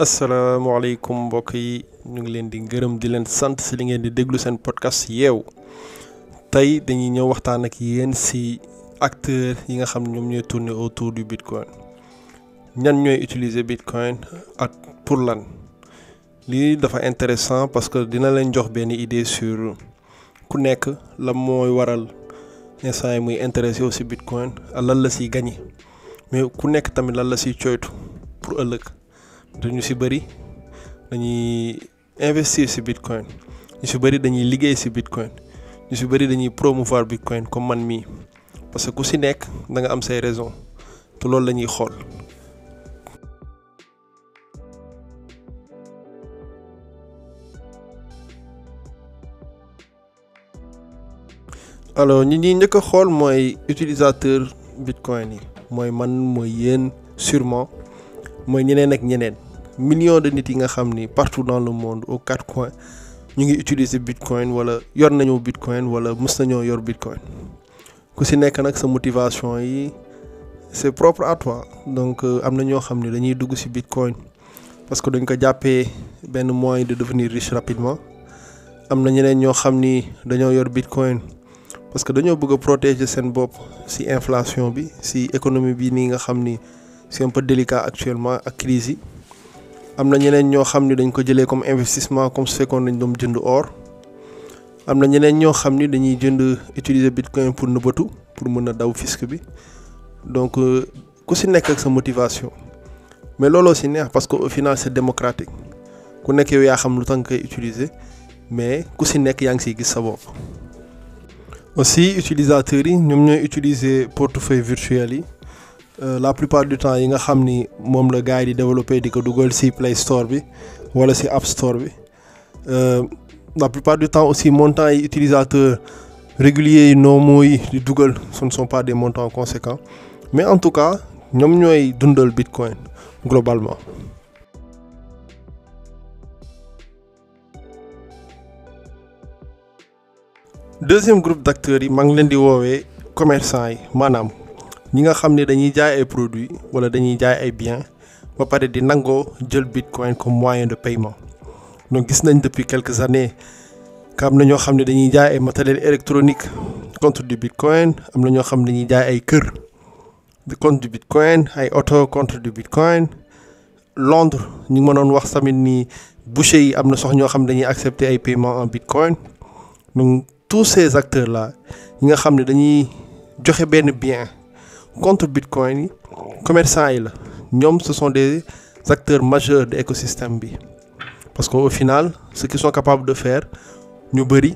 asalaamaaleykum mbokk yi ñu ngi leen di gërëm di leen sant si li ngeen di déglu seen podcast yeewu tey dañuy ñëw waxtaan ak yéen si acteurs yi nga xam ñoom ñooy tourner autour du bitcoin ñan ñooy utiliser bitcoin ak pour lan lii dafa intéressant parce que dina leen jox benn idée sur ku nekk la mooy waral instant yi muy intéressé aussi bitcoin lan la siy gagné mais ku nekk tamit lan la siy coytu pour ëllëg. duñu ci bëri dañuy investir ci bitcoin ñu ci bëri dañuy liggéey ci bitcoin ñu ci bëri dañuy promouvoir bitcoin comme man mii parce que ku si nekk danga am say raison te loolu lañuy ñuy xool. alors ñi ñuy njëkk a xool mooy utilisateur bitcoin yi mooy man mooy yéen sûrement. mooy ñeneen ak ñeneen million de nit yi nga xam ni partout dans le monde aux quatre coins ñu ngi utiliser bitcoin wala yor nañu bitcoin wala mës nañoo yor bitcoin ku si nekk nag sa motivation yi c'est propre à toi donc euh, am na ñoo xam ne dañuy dugg si bitcoin parce que dañ ko jàppee benn moyen de devenir riche rapidement am na ñeneen ñoo xam ni dañoo yor bitcoin parce que dañoo bëgg a protéger seen bopp si inflation bi si économie bi nii nga xam ni. c'est un peu délicat actuellement ak crise yi am na ñeneen ñoo xam ni dañ ko jëlee comme investissement comme su fekkoon nañ jënd or am na ñeneen ñoo xam ni dañuy jënd utiliser bitcoin pour nëbbatu pour mën a daw fisc bi donc euh, ku si nekk ak sa motivation mais looloo si neex parce que au final c'est démocratique ku nekk yow yaa xam lu tax nga koy utiliser mais ku si nekk yaa ngi siy gis sa bopp. aussi utilisateurs yi ñoom ñooy utiliser portefeuille virtuel yi. Euh, la plupart du temps yi nga xam ni moom la gars yi di développé di ko dugal ci Play Store bi wala ci App Store bi euh, la plupart du temps aussi montants yi utilisateurs réguliers yi normaux mooy di dugal ce ne sont pas des montants conséquents mais en tout cas ñoom ñooy dundal Bitcoin globalement. deuxième groupe d'acteurs yi maa ngi leen di woowee commerçant yi maanaam. ñi nga xam ne dañuy jaay ay produits wala dañuy jaay ay biens ba pare di nangoo jël bitcoin comme moyen de paiement donc gis nañ depuis quelques années que am na ñoo xam ne dañuy jaay ay matériel électronique contre du bitcoin am na ñoo xam ne dañuy jaay ay kër contre du bitcoin ay auto contre du bitcoin Londres ñu ngi ma doon wax tamit ni boucher yi am na sox ñoo xam ne dañuy accepter ay paiement en bitcoin donc tous ces acteurs la ñi nga xam ne dañuy joxe benn bien contre bitcoin yi commerçant yi la ñoom ce sont des acteurs majeurs de l'écosystème bi parce que au final ce qu'ils sont capables de fair ñu bëri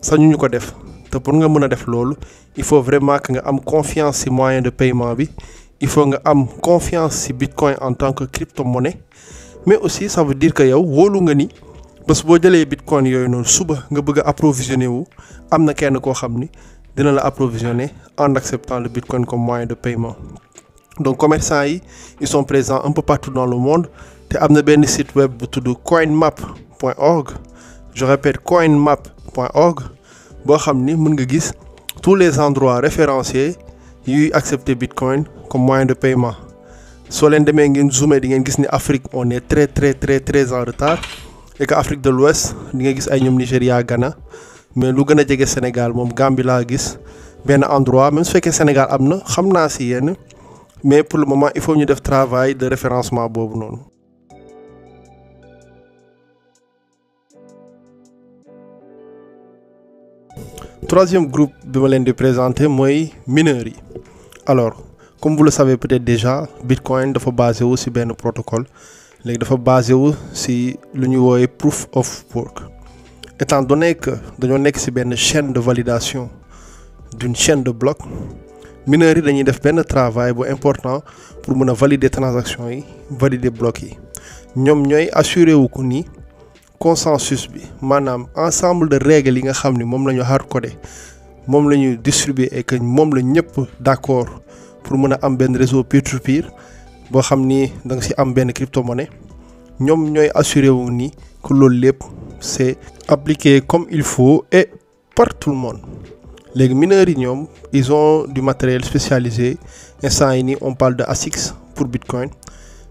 sañu ñu ko def te pour nga mën a def loolu il faut vraiment que nga am confiance ci moyen de paiement bi il faut nga am confiance ci bitcoin en tant que crypto-monnaie mais aussi ça veut dire que yow wóolu nga ni bés boo jëlee bitcoin yooyu noonu suba nga bëgg a wu am na kenn koo xam ni dina la approvisionner en acceptant le bitcoin comme moyen de paiement donc commerçants yi ils sont présents un peu partout dans le monde te am na benn site web bu tudd coinmap map org je répète coinmap point org boo xam ni mën nga gis tous les endroits référencés yuy accepter bitcoin comme moyen de paiement soo leen demee ngeen zoomé di ngeen gis ni Afrique on est très très très très en retard et que Afrique de l'Ouest di nga gis ay ñoom Nigéria Ghana mais lu gën a jege Sénégal moom Gambie laa gis benn endroit même su fekkee Sénégal am na xam naa si yenn mais pour lu moment il faut ñu def travail de référencement boobu noonu. troisième group bi ma leen di présenter mooy mineurs yi alors comme vous le peut-être déjà Bitcoin dafa basé wu ci benn protocole léegi dafa basé wu ci lu ñuy woowee proof of work. étant donné nekk dañoo nekk ci benn chaine de validation d'une chaine de bloc mineurs yi dañuy def benn travail bu important pour mën a valider transaction yi valider bloc yi ñoom ñooy assuré wu ko ni consensus bi maanaam ensemble de règles yi nga xam ni moom la ñu hardcodé moom la ñu distribuer et moom la ñëpp d'accord pour mën a am benn réseau peer to peer boo xam ni danga nga ci am benn crypto monnaie ñoom ñooy assuré wu ni que loolu lépp. c'est appliqué comme il faut et par tout le monde léegi mineurs yi ñoom ison ont du matériel spécialisé instant yi nii on parle de ASICS pour Bitcoin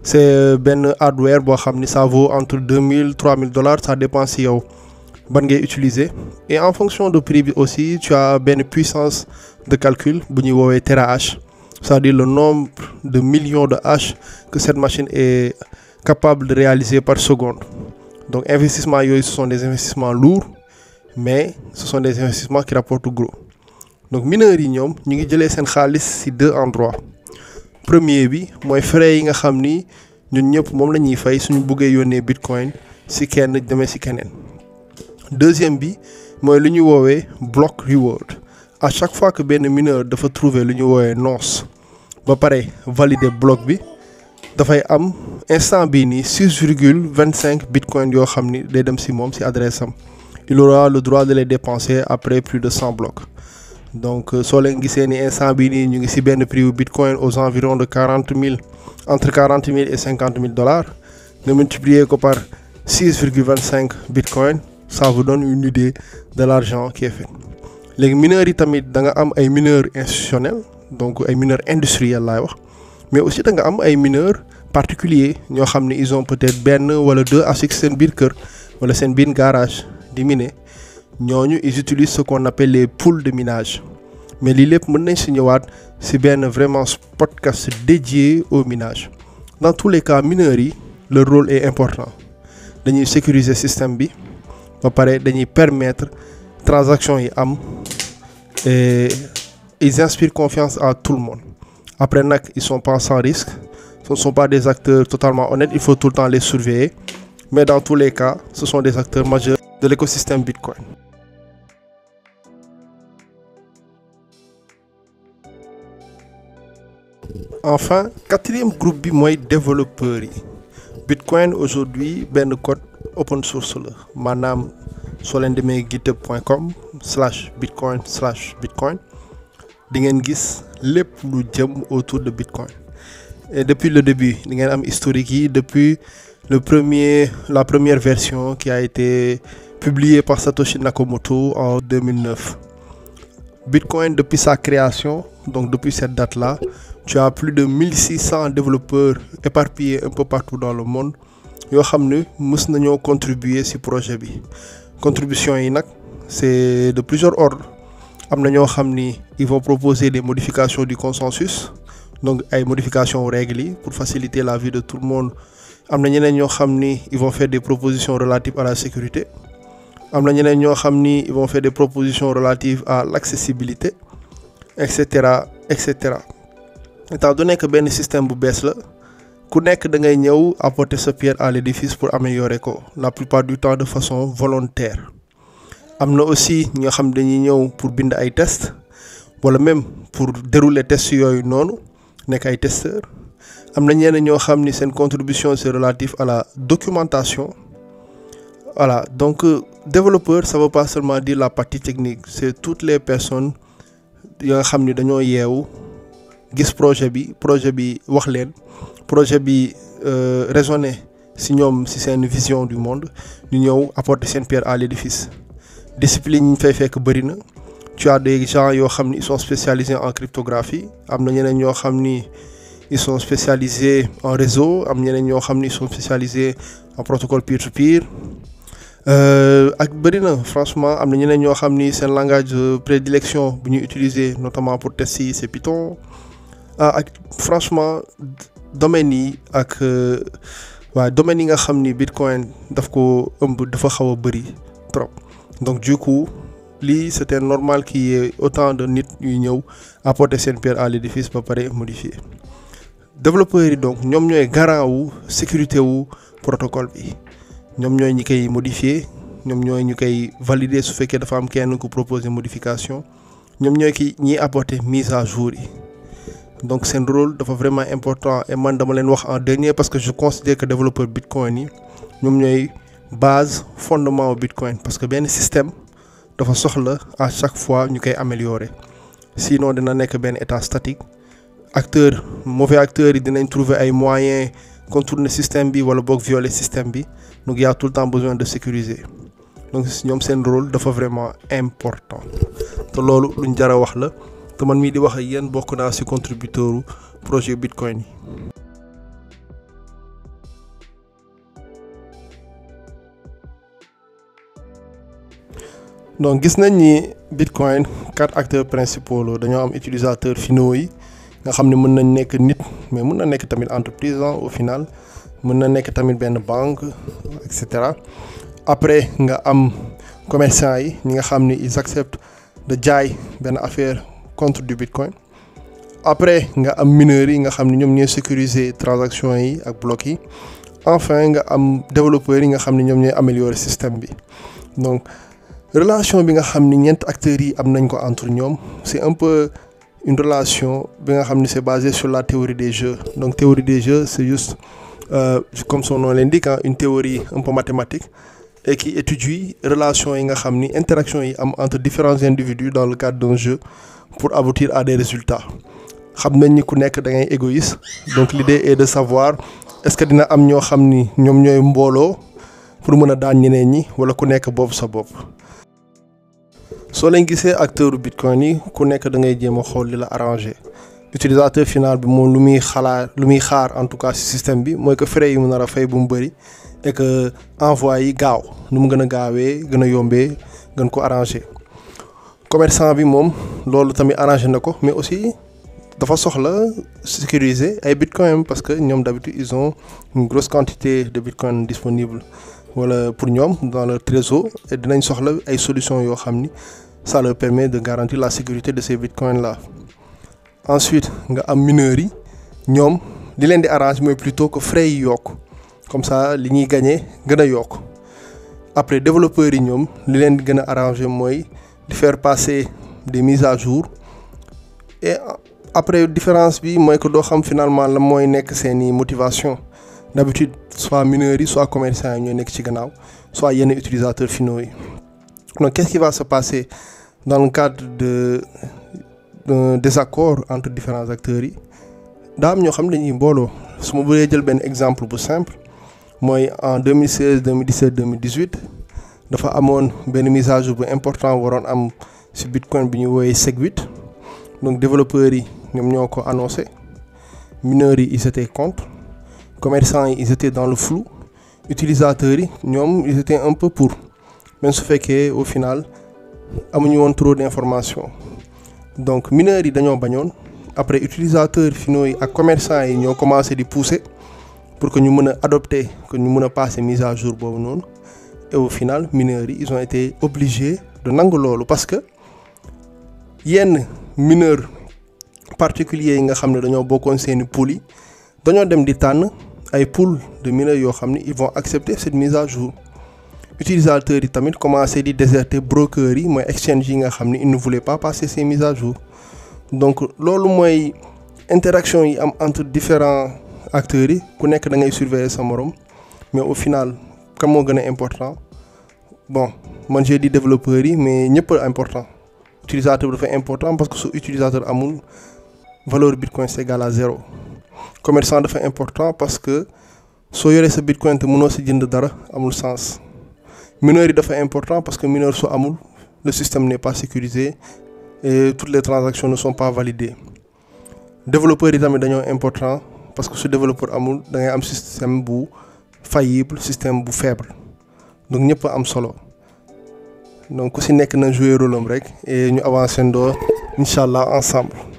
c'est euh, benn hardware boo xam ni ça vaut entre deux mille trois mille dollars ça dépend si yow ban ngay utiliser et en fonction de prix bi aussi tu as benn puissance de calcul bu ñuy woowee terahash cest à le nombre de millions de hash que cette machine est capable de réaliser par seconde donc investissement yooyu ce des investissements lourds mais ce sont des investissements qui rapportent gros donc mineurs yi ñoom ñu ngi jëlee seen xaalis ci deux endroits premier bi mooy frais yi nga xam ni ñun ñëpp moom la ñuy fay suñu buggee yónnee bitcoin ci kenn demee ci keneen deuxième bi mooy lu ñuy woowee block reward à chaque fois que benn mineur dafa trouver lu ñu woowee nonce ba pare valider block bi. dafay am instant bii nii six virgule vingt cinq bitcoin yoo xam ni day dem si moom si adresse am il aura le droit de les dépenser après plus de cent blocs donc euh, soo leen gisee ni instant bii nii ñu ngi si benn prix wu bitcoin aux environs de quarante mille entre quarante mille et cinquante mille dollars nga multiplier ko par six virgule vingt cinq bitcoin ça vous donne une idée de l'argent qui est léegi mineurs yi tamit da nga am ay mineurs institutionnels donc ay mineurs industriels laay wax mais aussi da nga am ay mineurs particulier ñoo xam ne ils ont peut-être benn wala deux ASIC seen biir kër wala seen biir garage di miner ñoo ñu utilisent ce qu'on appelle les poule de minage mais li lépp mën nañ si ñëwaat si benn vraiment podcast dédié au minage dans tous les cas mineurs yi leur rôle est important dañuy sécuriser système bi ba pare dañuy permettre transaction yi am et ils inspirent confiance à tout le monde après nag ils sont pas sans ce ne sont pas des acteurs totalement honnêtes, il faut tout le temps les surveiller. Mais dans tous les cas, ce sont des acteurs majeurs de l'écosystème Bitcoin. Enfin, quatrième group bi mooy développeurs yi Bitcoin aujourd'hui benn code open source la maanaam soo leen demee github point com slash bitcoin slash bitcoin gis lépp lu jëm autour de Bitcoin et depuis le début di ngeen am historique yi depuis le premier la première version qui a été publiée par Satoshi Nakamoto en 2009 Bitcoin depuis sa création donc depuis cette date la tu plus de 1600 développeurs éparpillés un peu partout dans le monde yoo xam ne na ñoo contribuer ci projet bi contribution yi nag c'est de plusieurs ordres am na ñoo xam ni ils vont proposer des modifications du consensus donc ay modification règles yi pour faciliter la vie de tout le monde am na ñeneen ñoo xam ni ils vont faire des propositions relatives à la sécurité am na ñeneen ñoo xam ni ils vont faire des propositions relatives à l'accessibilité et cetera et cetera étant donné que benn système bu bees la ku nekk da ngay ñëw apporter sa pierre à l'édifice pour améliorer ko la plupart du temps de façon volontaire am na aussi ñi nga xam dañuy ñëw pour bind ay test wala même pour dérouler tests yooyu noonu nekk ay testeurs am na ñenn ñoo xam ni seen contribution c'est relative à la documentation voilà donc euh, développeur ça veut pas seulement dire la partie technique c'est toutes les personnes yoo xam ni dañoo yeewu gis projet bi projet bi wax leen projet bi euh, raisonné si ñoom si seen vision du monde ñu ñëw apporter seen pierre à l'édifice discipline yi ñu fay fekk bëri na tu as des yoo xam ni ils sont spécialisés en cryptographie am na ñeneen ñoo xam ni il sont spécialisés en réseau am ñeneen ñoo xam ni ils sont spécialisés en protocole peer-to-peer euh, ak bëri na franchement am na ñeneen ñoo xam ni seen langage de prédilection bu ñu utiliser notamment pour test si c'est Python ah ak franchement domaines yi ak euh, waaye domaines yi nga xam ni Bitcoin daf ko ëmb dafa xaw a bëri trop donc lii c'était normal qu'il y ait de nit ñuy ñëw apporter seen pierre à l'édifice ba pare modifier développeurs yi donc ñoom ñooy garant wu sécurité wu protocole bi ñoom ñooy ñi koy modifier ñoom ñooy ñu koy valider su fekkee dafa am kenn ku proposer modification ñoom ñooy ki ñiy apporter mise à jour yi donc seen role dafa vraiment important et man dama leen wax en dernier parce que je considère que développeur bitcoin yi ñoom ñooy base fondement au bitcoin parce que benn système dafa soxla a chaque fois ñu koy si sinon dina nekk benn état statique acteur mauvais acteur yi dinañ trouver ay moyens contourner système bi wala boog violer système bi donc y a tout le temps besoin de sécuriser donc ñoom seen rôle dafa vraiment important te loolu luñ jar a wax la te man mii di wax ak yéen bokk naa ci contributeur projet Bitcoin yi. donc gis nañ ni bitcoin quatre acteurs principaux la dañoo am utilisateur finaux yi nga xam ne mën nañ nekk nit mais mën na nekk tamit entreprise au final mën na nekk tamit benn banque et après nga am commerçant yi ñi nga xam ni il acceptent de jaay benn affaire contre du après nga am mineurs yi nga xam ne ñoom ñooy sécuriser transaction yi ak blocs yi enfin nga am développeurs yi nga xam ne ñoom ñooy améliorer système bi donc relation bi nga xam ni ñeent acteurs yi am nañ ko entre ñoom c'est un relation bi nga xam ni c'est basé sur la théorie des jeux donc théorie des jeux c'est juste euh, comme son nom l'indique une théorie un peu et qui relation yi nga xam ni interaction yi am entre différents individus dans le cadre d'un pour aboutir à des résultats xam nañ ni ku nekk da ngay égoïste donc l'idée est de savoir est-ce que dina am ñoo xam ni ñoom ñooy mbooloo pour mën a daan ñeneen ñi wala ku nekk bopp sa bopp soo leen gisee acteur bitcoin yi ku nekk da ngay jéem a xool li la arrangé utilisateur final bi moom lu muy xalaat lu muy xaar en tout cas si système bi mooy que frais yi mu nar a fay bu mu bëri et que envoi yi gaaw nu mu gën a gaawee gën a yombee gën ko arrangé commerçant bi moom loolu tamit arrangé na ko mais aussi dafa soxla sécuriser ay bitcoin parce que ñoom d'habitude ils ont une grosse quantité de bitcoin disponible wala pour ñoom dans leur trésor et dinañ soxla ay solutions yoo xam ni ça leur permet de garantir la sécurité de ces bitcoins là ensuite nga am mineurs yi ñoom li leen di arrange mooy plutôt que frais yi yokk comme ça li ñuy gañe gën a yokk après développeurs yi ñoom li leen di gën a arranger mooy di faire passer des mises à jour et après différence bi mooy que doo xam finalement la mooy nekk seeni motivation d'habitude soit mineurs yi soit commerçants yi ñooy nekk ci gannaaw soit yenn utilisateurs finaux yi donc qu'est-ce qui va se passer dans de d'un désaccord entre différents acteurs yi daa ñoo xam ne dañuy mbooloo su ma bëree jël benn exemple bu simple mooy en 2016 2017 2018 dafa amoon benn missage à bu important waroon am ci bitcoin bi ñu woowee SegWit donc développeur yi. ñoom ñoo ko annoncé mineurs yi ils étaient contre commerçants yi ils étaient dans le flou utilisateurs yi ñoom is étaient un peu pour même su fekkee au final amuñu woon trop d'informations donc mineurs yi dañoo bañoon après utilisateurs finaux yi ak commerçants yi ñoo commencé di pousser pour que ñu mën a adopter que ñu mun a passer mise à jour boobu noonu et au final mineurs yi ils ont été obligés de nangu loolu parce que yenn mineurs particuliers yi nga xam ne dañoo bokkoon seeni pool yi dañoo dem di tànn ay pool de mineurs yoo xam ne il vont accepter cette mise à jour utilisateurs yi tamit commencé di déserter brokers yi mooy exchange yi nga xam ne ils ne voulaient pas passer ces mises à jour donc loolu mooy interaction yi am entre différents acteurs yi ku nekk da ngay surveiller sa morom mais au final kan moo gën a important bon man j'ai dit développeurs yi mais ñëpp important utilisateur bi dafa important parce que su amul valeur bitcoin c'est égal à zéro commerçant dafa important parce que soo yoree sa bitcoin te mënoo si jënd dara amul sens mineur yi dafa important parce que mineur soo amul le système n'est pas sécurisé et toutes les transactions ne sont pas validées développeurs yi tamit dañoo important parce que su développeur amul dangay am système bu faillible système bu faible donc ñëpp am solo donc ku si nekk na jouer rôle am rek et ñu avancer ndoo incha allah ensemble.